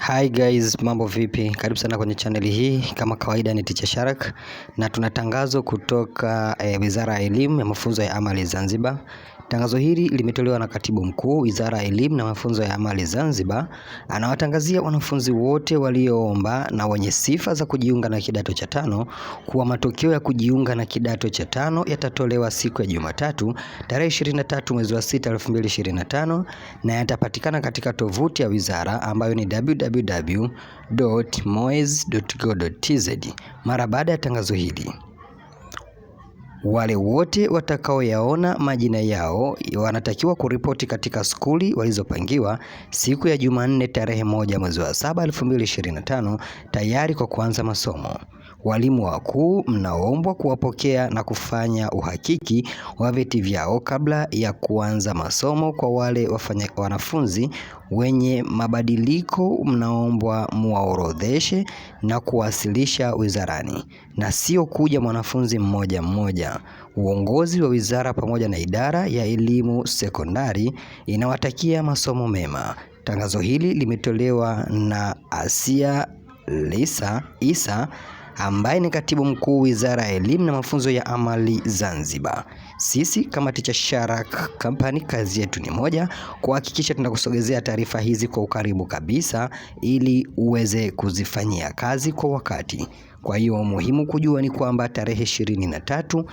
Hi guys, mambo vipi? Karibu sana kwenye chaneli hii. Kama kawaida ni Teacher Sharak na tuna tangazo kutoka e, Wizara ya Elimu ya Mafunzo ya Amali Zanzibar Tangazo hili limetolewa na Katibu Mkuu Wizara ya Elimu na Mafunzo ya Amali Zanzibar, anawatangazia wanafunzi wote walioomba na wenye sifa za kujiunga na kidato cha tano kuwa matokeo ya kujiunga na kidato cha tano yatatolewa siku ya Jumatatu tarehe 23 mwezi wa 6 2025, na yatapatikana katika tovuti ya wizara ambayo ni www.moez.go.tz mara baada ya tangazo hili wale wote watakaoyaona majina yao wanatakiwa kuripoti katika skuli walizopangiwa siku ya Jumanne tarehe moja mwezi wa saba 2025 tayari kwa kuanza masomo. Walimu wakuu mnaombwa kuwapokea na kufanya uhakiki wa vyeti vyao kabla ya kuanza masomo. Kwa wale wafanya wanafunzi wenye mabadiliko, mnaombwa muwaorodheshe na kuwasilisha wizarani, na sio kuja mwanafunzi mmoja mmoja. Uongozi wa wizara pamoja na idara ya elimu sekondari inawatakia masomo mema. Tangazo hili limetolewa na Asia Lisa Isa ambaye ni katibu mkuu Wizara ya Elimu na Mafunzo ya Amali Zanzibar. Sisi kama Teacher Sharak Company, kazi yetu ni moja, kuhakikisha tunakusogezea taarifa hizi kwa ukaribu kabisa, ili uweze kuzifanyia kazi kwa wakati. Kwa hiyo muhimu kujua ni kwamba tarehe ishirini na tatu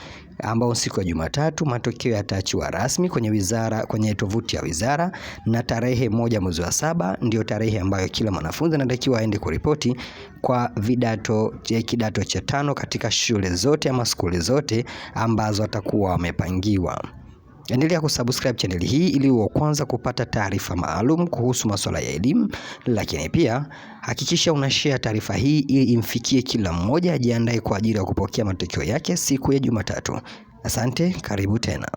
ambao siku ya Jumatatu matokeo yataachiwa rasmi kwenye wizara, kwenye tovuti ya wizara, na tarehe moja mwezi wa saba ndio tarehe ambayo kila mwanafunzi anatakiwa aende kuripoti kwa vidato eh, kidato cha tano katika shule zote ama skuli zote ambazo atakuwa wamepangiwa. Endelea kusubscribe chaneli hii ili uwe kwanza kupata taarifa maalum kuhusu masuala ya elimu, lakini pia hakikisha unashare taarifa hii ili imfikie kila mmoja, ajiandae kwa ajili ya kupokea matokeo yake siku ya Jumatatu. Asante, karibu tena.